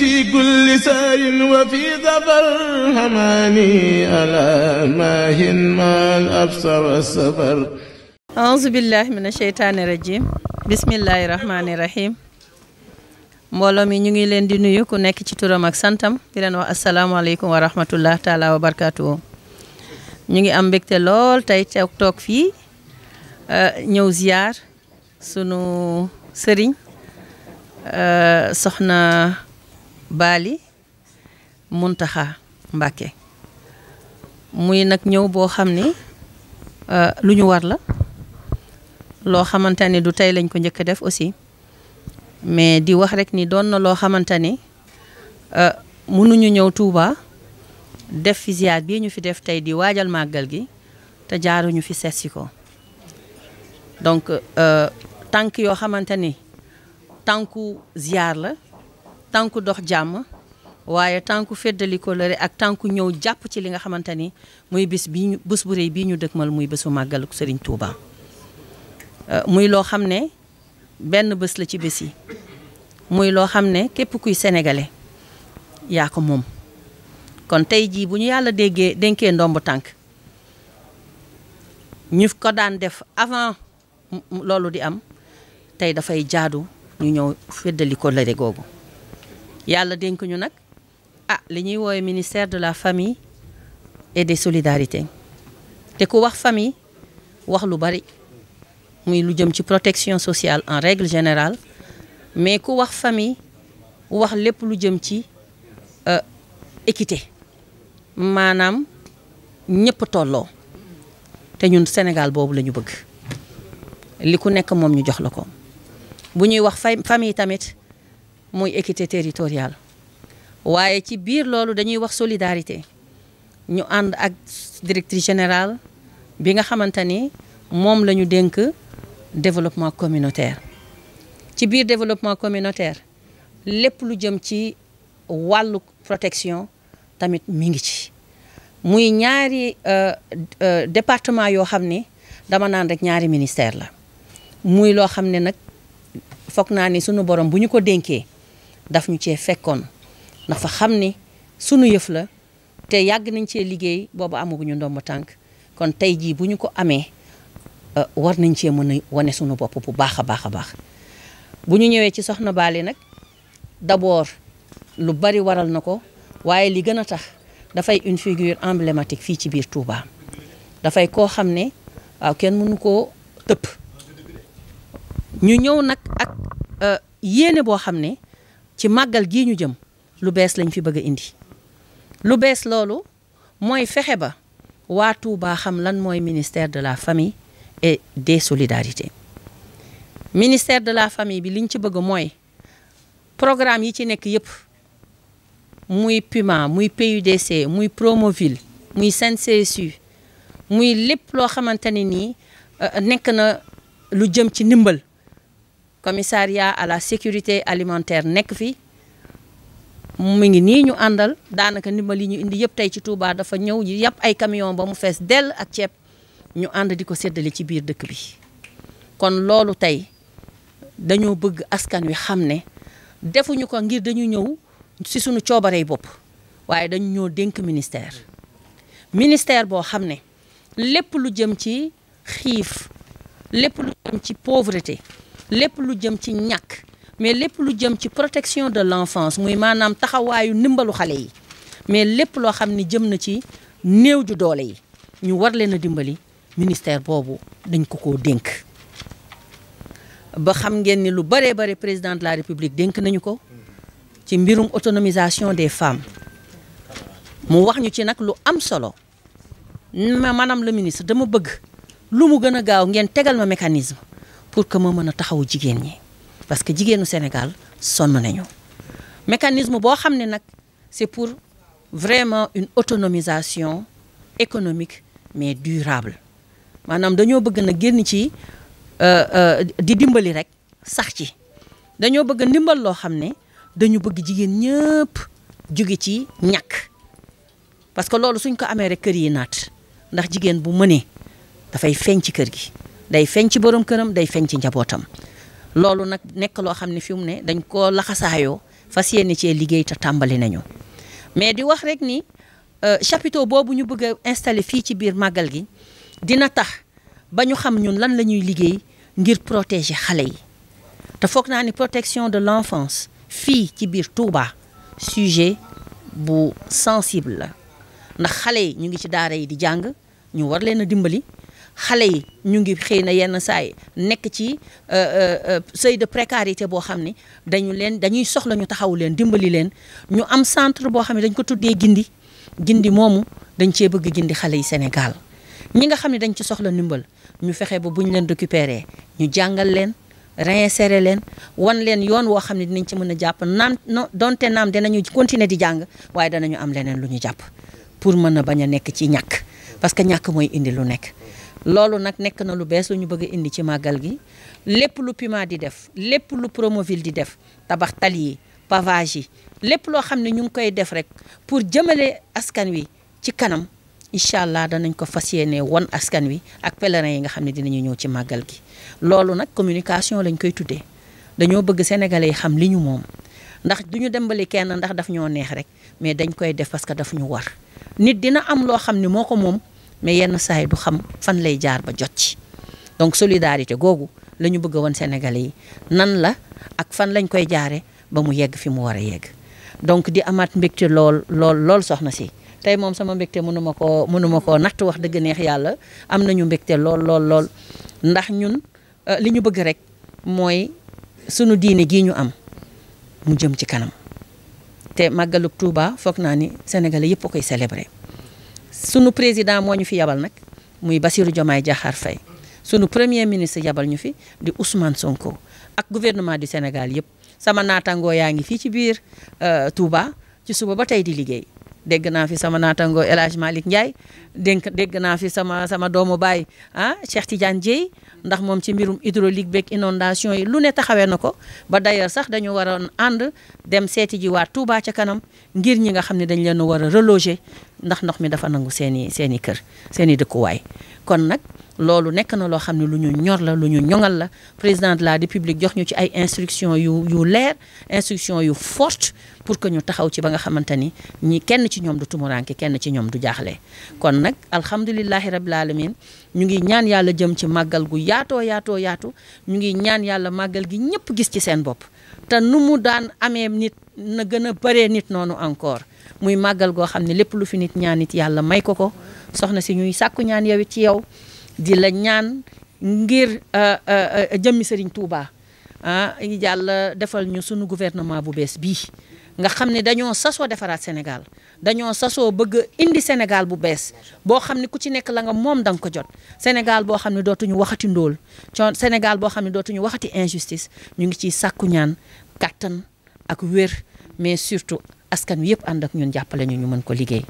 في كل سير وفي ظفر حماني ألا ماهن ما الأبصر والسفر أعوذ بالله من الشيطان الرجيم بسم الله الرحمن الرحيم mbooloo mi ñu ngi leen di nuyu ku nekk ci turam ak santam di leen wax asalaamaaleykum wa rahmatullah taala wa barkaatuhu ñu ngi am mbégte lool tey toog toog fii eh, ñëw ziar sunu sëriñ eh, soxna Baali Muntaxa Mbàkke muy nag ñëw boo xam ni euh, lu ñu war la loo xamante ni du tey lañ ko njëkk a def aussi mais di wax rek ni doon na loo xamante ni euh, mënuñu ñëw Touba def fi ziar bii ñu fi def tey di waajal màggal gi te jaaruñu fi seetsi ko donc euh, tànk yoo xamante ni tànku ziar la. tànku dox jàmm waaye tànku feddali kóllëre ak tànku ñëw jàpp ci li nga xamante ni muy bis bi ñu bés bu rëy bii ñu dëkkmal muy bésu màggal sëriñ Touba. Euh, muy loo xam ne benn bés la ci bés yi muy loo xam ne képp kuy senegale yaa ko moom kon tey jii bu ñu yàlla déggee dénkee ndomb tànk ñu ko daan def avant loolu di am tey dafay jaadu ñu ñëw feddali kóllëre googu. yàlla dénk ñu nag ah li ñuy woowe ministère de la famille et des solidarité te ku wax famille wax lu bari muy lu jëm ci protection sociale en règle générale mais ku wax famille wax lépp lu jëm ci euh, équité maanaam ñëpp tolloo te ñun Sénégal boobu la ñu bëgg li ku nekk moom ñu jox la ko bu ñuy wax famille tamit muy équité territoriale waaye ci biir loolu dañuy wax solidarité ñu ànd ak directrice général bi nga xamante ni moom la ñu dénk développement communautaire ci biir développement communautaire lépp lu jëm ci wàllu protection tamit mi ngi ci muy ñaari euh, euh, département yoo xam ni dama naan rek ñaari ministère la muy loo xam ne nag foog naa ni sunu borom bu ñu ko dénkee daf ñu cee fekkoon dafa xam ni sunu yëf la te yàgg nañ cee liggéey boobu amaguñu ndomba tànk kon tey jii bu ñu ko amee euh, war nañ cee mën a wane sunu bopp bu baax a baax a baax bu ñu ñëwee ci soxna Baali nag d'abord lu bari waral na ko waaye li gën a tax dafay une figure emblématique fii ci biir Touba dafay koo xam ne waaw kenn mënu koo tëpp ñu ñëw nag ak euh, yéene boo xam ne. ci màggal gii ñu jëm lu bees lañ fi bëgg indi lu bees loolu mooy fexe ba waatu Touba xam lan mooy ministère de la famille et des solidarités ministère de la famille bi liñ ci bëgg mooy programme yi ci nekk yëpp muy PUMA muy PUDC muy Promoville muy CNCSU muy lépp loo xamante ne nii euh, nekk na lu jëm ci ndimbal commissaria à la sécurité alimentaire nekk fi mu ngi nii ñu àndal daanaka ndimbali ñu indi yëpp tey ci Touba dafa ñëw ñu yàpp ay camion ba mu fees dell ak ceeb ñu ànd di ko séddale ci biir dëkk bi kon loolu tey dañoo bëgg askan wi xam ne defuñu ko ngir dañu ñëw si suñu coobarey bopp waaye dañu ñoo dénk ministère ministère boo xam ne lépp lu jëm ci xiif lépp lu jëm ci pauvreté lépp lu jëm ci ñàkk mais lépp lu jëm ci protection de l'enfance muy maanaam taxawaayu ndimbalu xale yi mais lépp loo xam ni jëm na ci néew ju doole yi ñu war leen a dimbali ministère boobu dañ ko ko dénk ba xam ngeen ni lu bëree bëri président de la république dénk nañu ko ci mbirum autonomisation des femmes mu wax ñu ci nag lu am solo ma maanaam le ministre dama bëgg lu mu gën a gaaw ngeen tegal ma mécanisme pour que ma mën a taxawu jigéen ñi parce que jigéenu Sénégal sonn nañu mécanisme boo xam ne nag c'est pour vraiment une autonomisation économique mais durable maanaam dañoo bëgg na génn ci euh, euh, di dimbali rek sax ci dañoo bëgg ndimbal loo xam ne dañu bëgg jigéen ñëpp jóge ci ñàkk parce que loolu suñ ko amee rek kër yi naat ndax jigéen bu mënee dafay feeñ ci kër gi day feeñ ci borom këram day feeñ ci njabootam loolu nag nekk loo xam ne fi mu ne dañ koo laxasaayoo fas yéene cee liggéey te tàmbali nañu mais di wax rek ni euh, chapiteau boobu ñu bëgg a installé fii ci biir màggal gi dina tax ba ñu xam ñun lan la ñuy liggéey ngir protéger xale yi te foog naa ni protection de l'enfance fii ci biir Touba sujet bu sensible la ndax xale yi ñu ngi ci daara yi di jàng ñu war leen a dimbali xale yi ñu ngi xëy na yenn saa yi nekk ci euh, euh, euh, seuil de précarité boo xam ne dañu leen dañuy soxla ñu taxaw leen dimbali leen ñu am centre boo xam ne dañ ko tuddee gindi gindi moomu dañ cee bëgg gindi xale yi Sénégal ñi nga xam ne dañ ci soxla ndimbal ñu fexe ba buñ leen récupérer ñu jàngal leen réinsérer leen wan leen yoon woo xam ne dinañ ci mën a jàpp naam donte naam danañu continuer di jàng waaye danañu am leneen lu ñu jàpp pour mën a bañ a nekk ci ñàkk parce que ñàkk mooy indi lu nekk loolu nag nekk na lu bees lu ñu bëgg indi ci màggal gi lépp lu Puma di def lépp lu Promoville di def tabax tali yi pavage yi lépp loo xam ne ñu ngi koy def rek pour jëmale askan wi ci kanam incha allah danañ ko fas yéene won askan wi ak pèlerins yi nga xam ne dinañu ñëw ci màggal gi. loolu nag communication lañ koy tuddee dañoo bëgg sénégalais yi xam li ñu moom ndax du ñu dembali kenn ndax daf ñoo neex rek mais dañ koy def parce que daf ñu war nit dina am loo xam ne moo ko moom. mais yenn saay du xam fan lay jaar ba jot ci donc solidarité googu la ñu bëgg woon Sénégalais yi nan la ak fan lañ koy jaare ba mu yegg fi mu war a yegg donc di amaat mbégte lool lool lool soxna si tey moom sama mbégte mënu ma koo mënu koo natt wax dëgg neex yàlla am nañu mbégte lool lool lool ndax ñun euh, li ñu bëgg rek mooy sunu diine gi ñu am mu jëm ci kanam te màggalug Tuuba foog naa ni sénégalais yëpp koy célébrer. sunu président moo ñu fi yabal nag muy Bassirou Diomaye Diakhar Faye sunu premier ministre yabal ñu fi di Ousmane Sonko ak gouvernement du Sénégal yëpp sama naataangoo yaa ngi fii ci biir euh, Touba ci suba ba tey di liggéey. dégg naa fi sama naatango El Hadj Malick Ndiaye dénk dégg naa fi sama sama doomu baay ah Cheikh Tidiane Dieye ndax moom ci mbirum hydraulique beeg inondation yi lu ne taxawee na ko ba d'ailleurs sax dañu waroon ànd dem seeti ji waa Touba ca kanam ngir ñi nga xam ne dañ leen a war a reloger ndax ndox mi dafa nangu seen i seen kër seeni i dëkkuwaay kon nag loolu nekk na loo xam ne lu ñu ñor la lu ñu ñoŋal la président de la république jox ñu ci ay instructions yu yu leer instructions yu forte pour que ñu taxaw ci ba nga xamante ni ñi kenn ci ñoom du tumuranke kenn ci ñoom du jaaxle kon nag alhamdulilahi rabil alamin ñu ngi ñaan yàlla jëm ci màggal gu yaatoo yaatoo yaatu ñu ngi ñaan yàlla màggal gi ñëpp gis ci seen bopp te nu mu daan amee nit na gën a bëree nit noonu encore muy màggal goo xam ne lépp lu fi nit ñaan nit yàlla may ko ko soxna si ñuy sàkku ñaan ci yow di la ñaan ngir euh, euh, euh, jëmmi Serigne Touba ah yàlla defal ñu sunu gouvernement bu bees bii nga xam ne dañoo sasoo defaraat Sénégal dañoo sasoo bëgg indi Sénégal bu bees boo xam ne ku ci nekk la nga moom da nga ko jot Sénégal boo xam ne dootuñu waxati ndóol coon Sénégal boo xam ne dootuñu waxati injustice ñu ngi ciy sàkku ñaan kàttan ak wér mais surtout askan wi yëpp ànd ak ñun jàppale ñu ñu mën ko liggéey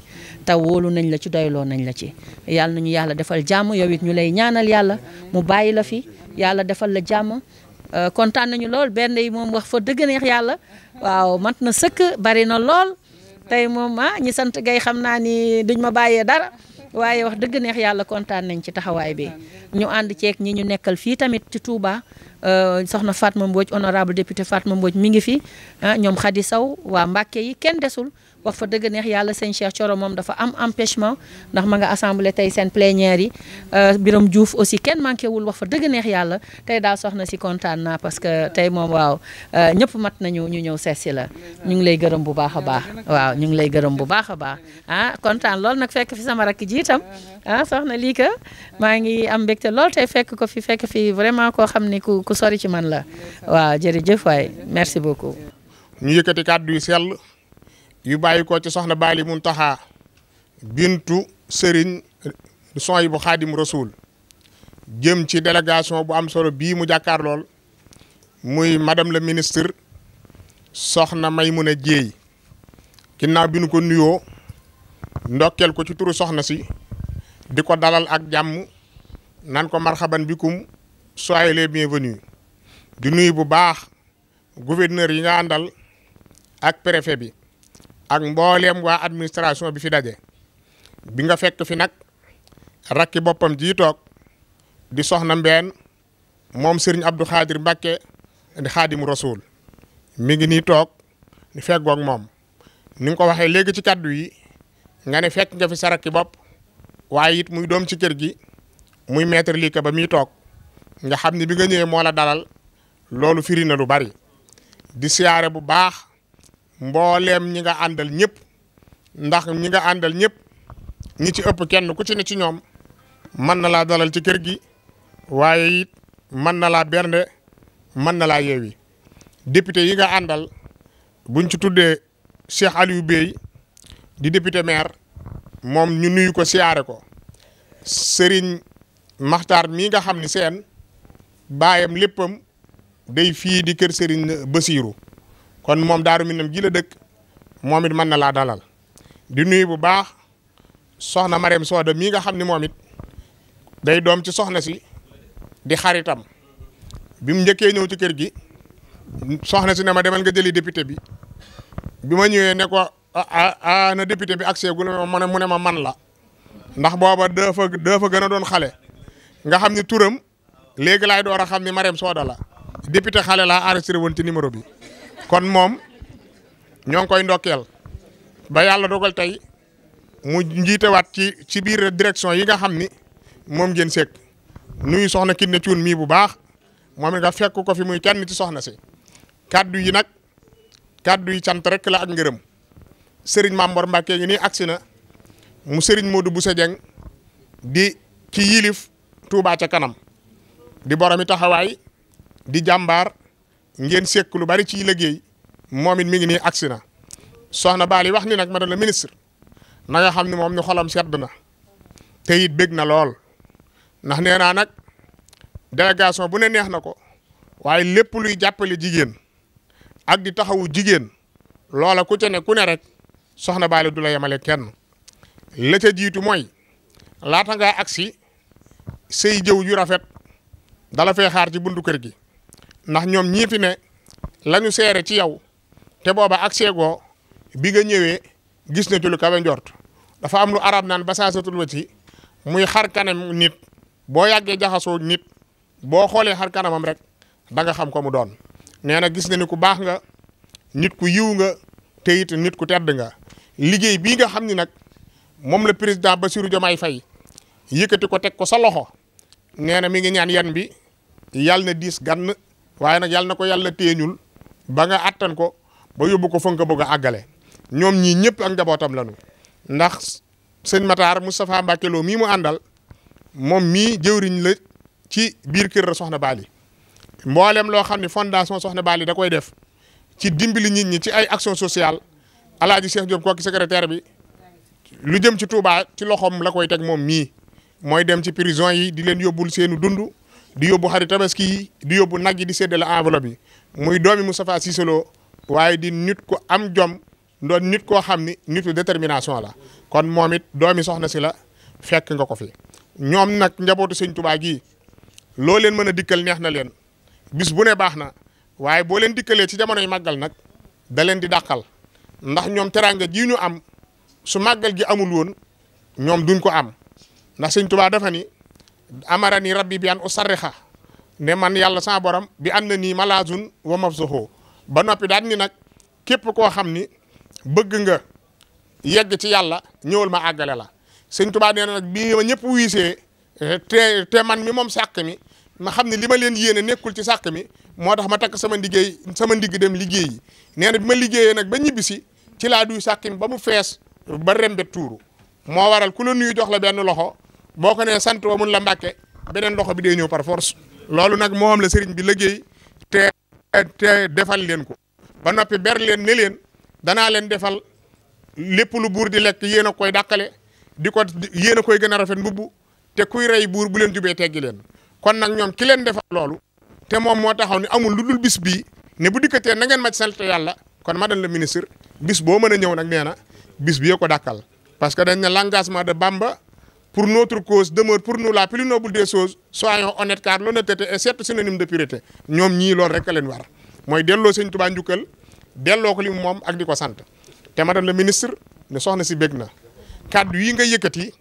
te wóolu nañ la ci doyloo nañ la ci yàlla nañu yàlla defal jàmm yow it ñu lay ñaanal yàlla mu bàyyi la fi yàlla defal la jàmm euh, kontaan nañu lool benn yi moom wax fa dëgg neex yàlla waaw mat na sëkk bari na lool tey moom ah ñi sant gay xam naa ni duñ ma bàyyee dara waaye wax dëgg neex yàlla kontaan nañ ci taxawaay bi ñu ànd ceeg ñi ñu nekkal fii tamit ci Touba Euh, soxna Fatma Mbodj honorable député Fatma Mbodj mi ngi fi ah, ñoom Khady saw waa Mbàkke yi kenn desul wax fa dëgg neex yàlla sëñ Cheikh Thioro moom dafa am empêchement ndax ma nga assemblée tey seen plénière yi euh, Biram Diouf aussi kenn manqué wul wax fa dëgg neex yàlla tey daal soxna si kontaan naa parce que tey moom waaw euh, ñëpp mat nañu ñu ñëw seet si la ñu ngi lay gërëm bu baax a baax waaw ñu ngi lay gërëm bu baax a baax ah kontaan lool nag fekk fi sama rakk ji itam ah soxna lii que maa ngi am mbégte lool tey fekk ko fi fekk fi vraiment koo xam ni ku ku sori ci man la waaw jërëjëf waay merci beaucoup. ñu yëkkati kàddu yu bàyyi ko ci soxna bali mun taxa bintu Serigne son yi bu xaadim rasul jëm ci délégation bu am solo bii mu jàkkaar lool muy madame la ministre soxna Maymuna Jéey ginnaaw naa nu ko nuyoo ndokkeel ko ci turu soxna si di ko dalal ak jàmm nan ko marxaban bikum soyez les bienvenus di nuyu bu baax gouverneur yi nga àndal ak préfet bi ak mbooleem waa administration bi fi daje bi nga fekk fi nag rakki boppam ji toog di soxna mbeen moom sëriñ Abdou Khadir Mbacke di xaadimu rasul mi ngi nii toog di feggoog moom ni nga ko waxee léegi ci kàddu yi nga ne fekk nga fi sa rakki bopp waaye it muy doom ci kër gi muy maître lii ka ba muy toog nga xam ni bi nga ñëwee moola dalal loolu firi na lu bari di siyaare bu baax. mbooleem ñi nga àndal ñëpp ndax ñi nga àndal ñëpp ñi ci ëpp kenn ku ci ne ci ñoom mën na laa dalal ci kër gi waaye it mën na laa bernde mën na laa yeewi député yi nga àndal buñ ci tuddee Cheikh Aliou Bey di député maire moom ñu nuyu ko siyaare ko Serigne Maxtaar mii nga xam ni seen baayam léppam day fii di kër Serigne Basirou kon moom Daaru Minam ji la dëkk moom it mën na laa dalal di nuyu bu baax soxna Marème Soda mii nga xam ni moom it day doom ci soxna si di xaritam bi mu njëkkee ñëw ci kër gi soxna si ne ma demal nga jëli député bi bi ma ñëwee ne ko a ah, ah, ah, na député bi accès gu ma mu ne ma man la ndax booba dafa dafa gën a doon xale nga xam ni turam léegi laay door a xam ni Marème Soda la député xale laa enregistré woon ci numéro bi. kon moom ñoo ngi koy ndokkeel ba yàlla dogal tey mu njiitewaat ci ci biir direction yi nga xam ni moom ngeen sekk nuyu soxna Kiné Thioune mii bu baax moom ne nga fekk ko fi muy kenn ci soxna si kaddu yi nag kaddu yi cant rek la ak ngërëm Serigne Mamor Mbacke ngi nii agsi na mu sëriñ moodu Bousso Dieng di ci yilif tuubaa ca kanam di boromi taxawaay di jàmbaar ngeen sekk lu bari ci léggéey moom it mi ngi nii agsi na soxna Bali wax ni nag madame la ministre na nga xam ne moom ni xolam sedd na te it bég na lool ndax nee naa nag délégation bu ne neex na ko waaye lépp luy jàppale jigéen ak di taxawu jigéen loola ku ca ne ku ne rek soxna Bali du la yemale kenn la ca jiitu mooy laata ngaa agsi say jëw yu rafet dala fee xaar ci buntu kër gi ndax ñoom ñii fi ne la seere ci yow te booba ak seegoo bi nga ñëwee gis na ci kawe njort dafa am lu arab naan ba saasatul wa ci muy xar kanam nit boo yàggee jaxasoo nit boo xoolee xar kanamam rek da nga xam ko mu doon nee na gis na ni ku baax nga nit ku yiw nga te nit ku tedd nga liggéey bi nga xam ni nag moom la président ba Bassirou ay fay yëkkati ko teg ko sa loxo nee na mi ngi ñaan yan bi yàlla na diis gann waaye nag yàlla na ko yàlla téeñul ba nga attan ko ba yóbbu ko fa nga bëgg a àggale ñoom ñii ñëpp ak njabootam lañu ndax sëñ Matar Moustapha Mbacke Lo mii mu àndal moom mii jëwriñ la ci biir kër soxna Bali mboolem loo xam ne fondation soxna Bali da koy def ci dimbali nit ñi ci ay action sociale alaaji Cheikh Diop kooku secrétaire bi lu jëm ci Touba ci loxom la koy teg moom mii mooy dem ci prison yi di leen yóbbul seenu dund di yóbbu xari tabaski di yóbbu nag yi di séddale enveloppe yi muy doomi Moustapha Cissé waaye di nit ko am jom ndoon nit koo xam ni nitu détermination la kon moom it doomi soxna si la fekk nga ko fi ñoom nag njabootu sëñ tubaa gi loo leen mën a dikkal neex na leen bis bu ne baax na waaye boo leen dikkalee ci jamonoy màggal nag da leen di dàqal ndax ñoom teraanga ji ñu am su màggal gi amul woon ñoom duñ ko am ndax sëñ tubaa dafa ni amarani rabbi bi an usarrixa ne man yàlla sa borom bi am na nii malazun wa mafsuxu ba noppi daan ni nag képp koo xam ni bëgg nga yegg ci yàlla ñëwal ma àggale la sëñ tubaa nee na nag bii ma ñëpp wiisee eh, te te man mi moom sàkk mi ma xam ne li ma leen yéene nekkul ci sàkk mi moo tax ma takk sama liggéey sama ndigg dem liggéey nee na bi ma liggéeyee nag ba ñibbisi ci laa duy sàkk ba mu fees ba rembe tuuru moo waral ku la nuyu jox la benn loxo boo ko nee sant wa mun la mbàkke beneen loxo bi day ñëw par force loolu nag moom la sëriñ bi liggéey te te defal leen ko ba noppi ber leen ne leen danaa leen defal lépp lu buur di lekk yéen a koy dàqale di ko yéen a koy gën a rafet mbubb te kuy rey buur bu leen jubee gi leen kon nag ñoom ki leen defal loolu te moom moo taxaw ne amul lu dul bis bii ne bu dikkatee na ngeen ma sant yàlla kon ma madame la ministre bis boo mën a ñëw nag nee na bis bi yo ko dàkkal parce que dañ ne l'engagement de Bamba pour notre cause demeure pour nu de la plus noble des choses soyons honnêtes car l'honnêteté est certes synonyme de pureté ñoom ñii loolu rek a leen war mooy delloo sëñ Tuubaa njukkal delloo ko li mu moom ak di ko sant te madame la ministre ne soxna si bég na kaddu yi nga yëkkati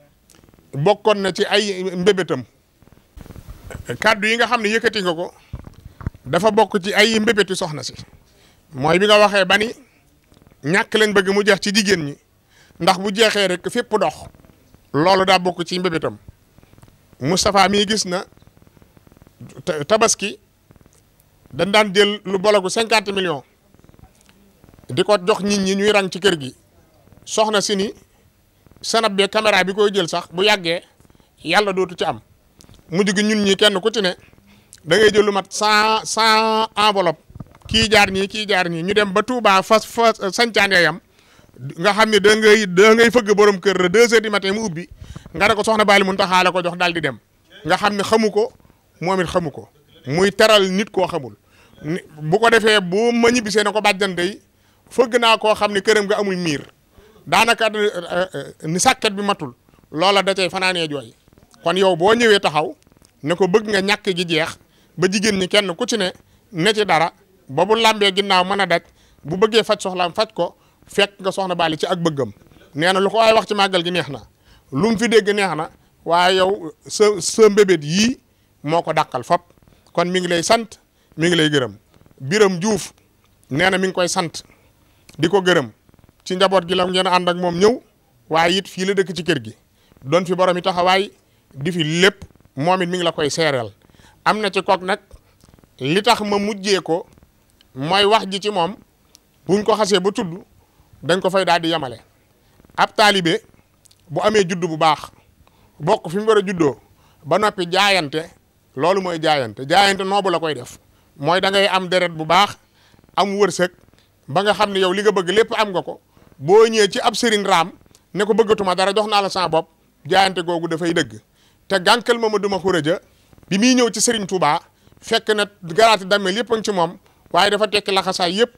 bokkoon na ci ay mbébétam kàddu yi nga xam ne yëkkati nga ko dafa bokk ci ay mbébétu soxna si mooy bi nga waxee ba ni ñàkk lañ bëgg mu jeex ci jigéen ñi ndax bu jeexee rek fépp dox loolu daa bokk ci mbébétam Moustapha mi gis na tabaski dañ daan jël lu bologu cinquante millions di ko jox nit ñi ñuy rang ci kër gi soxna si ni sanab bee caméra bi koy jël sax bu yàggee yàlla dootu ci am mujj gi ñun ñi kenn ku ci ne da jël lu mat cent cent enveloppe kii jaar ñii kii jaar ñii ñu dem ba Touba fas fas sancaan yam nga xam ne da ngay da ngay fëgg borom kër deux heures du matin mu ubbi nga ne ko soxna Baali mun taxaale ko jox daal di dem nga xam ne xamu ko moom it xamu ko muy teral nit koo xamul bu ko defee bu ma ñibbisee ne ko bàjjan day fëgg naa koo xam ne këram nga amul miir daanaka eh, eh, ni sàkket bi matul loola da cay fanaanee jooy kon yow boo ñëwee taxaw ne ko bëgg nga ñàkk gi jeex ba jigéen ñi kenn ku ci ne ne ci dara ba bu làmbee ginnaaw mën a daj bu bëggee faj soxlaam faj ko fekk nga soxna Bally ci ak bëggam nee na lu ko waaye wax ci màggal gi neex na lu fi dégg neex na waaye yow sa sa mbébét yii moo ko dàqal fop kon mi ngi lay sant mi ngi lay gërëm Biram Juuf nee na mi ngi koy sant di ko gërëm ci njaboot gi la ngeen ànd ak moom ñëw waaye it fii la dëkk ci kër gi doon fi borom mi taxawaay di fi lépp moom it mi ngi la koy seereel am na ci kook nag li tax ma mujjee ko mooy wax ji ci moom buñ ko xasee ba tudd dañ ko fay daal di yemale ab taalibe bu amee judd bu baax bokk fi mu war a juddoo ba noppi jaayante loolu mooy jaayante jaayante noobu la koy def mooy dangay am deret bu baax am wërsëg ba nga xam ne yow li nga bëgg lépp am nga ko boo ñëwee ci ab sëriñ raam ne ko bëggatuma dara jox naa la sa bopp jaayante googu dafay dëgg te gànkal ma ma duma xuraja bi muy ñëw ci sëriñ Touba fekk na garaati dammel yëpp a ci moom waaye dafa tekki laxasaay yëpp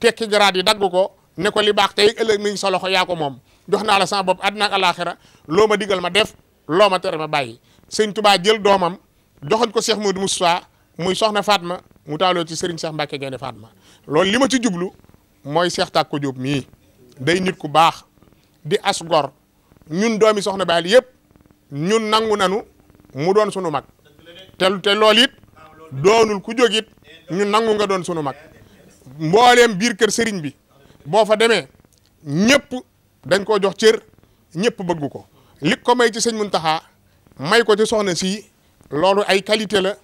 tekki garaat yi dagg ko ne ko li baax tey ëllëg mi ngi sa loxo yaa ko moom jox naa la sama bopp àddina ak alaaxira loo ma digal ma def loo ma tere ma bàyyi sëñ Tuubaa jël doomam joxoñ ko Cheikh Modou Moustapha muy soxna Fatma mu taaloo ci Serigne Cheikh Mbacke Gaynde Fatma loolu li ma ci jublu mooy Cheikh Tako Diop mii day nit ku baax di as gor ñun doomi soxna Baali yëpp ñun nangu nanu mu doon sunu mag te te loolu it doonul ku jóg ñun nangu nga doon sunu mag mbooleem biir kër sëriñ bi. boo fa demee ñëpp dañ koo jox cër ñëpp bëgg ko li ko may ci sëñ Muntaxa may ko ci soxna si loolu ay qualité la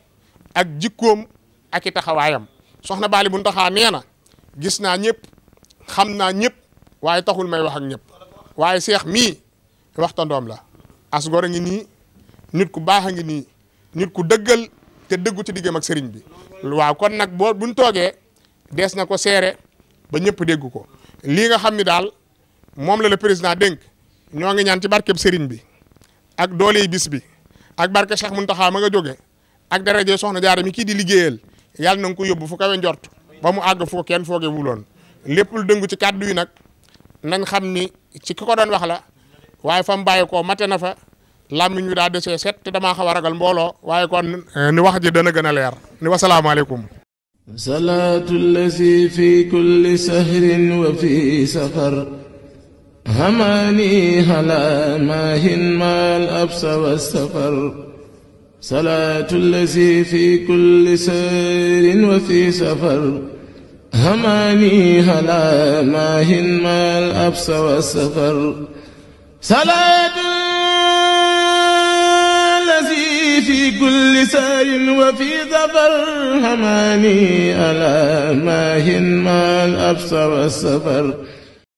ak jikkoom ak i taxawaayam soxna Baali Muntaxa nee na gis naa ñëpp xam naa ñëpp waaye taxul may wax ak ñëpp waaye seex mii waxtandoom la as gor a ngi nii nit ku baax a nii nit ku dëggal te dëggu ci diggam ak sëriñ bi waaw kon nag boo buñ toogee dees na ko seere ba ñëpp dégg ko lii nga xam ni daal moom la le président dénk ñoo ngi ñaan ci barkeb sëriñ bi ak dooley bis bi ak barke Cheikh Mountakha ma nga jóge ak daraje soxna jaara mi kii di liggéeyal yàlla na ko yóbbu fu kawe njort ba mu àgg fu ko kenn fooge wuloon lépp lu dëngu ci kàddu yi nag nañ xam ni ci ki ko doon wax la waaye fa mu bàyyi koo mate na fa làmmiñ wi daa desee set te damaa xaw a ragal mbooloo waaye kon eh, ni wax ji dana gën a leer ni wasalaamaaleykum salaatu lazi fi kulli sahrin wa fi safar hamaani halaa maahin maal absa wa safar salaatu lazi fi kulli sahrin wa fi safar hamaani halaa maahin maal absa wa safar salaatu في كل سار وفي ظفر هماني ألا ماهن ما الأبصر السفر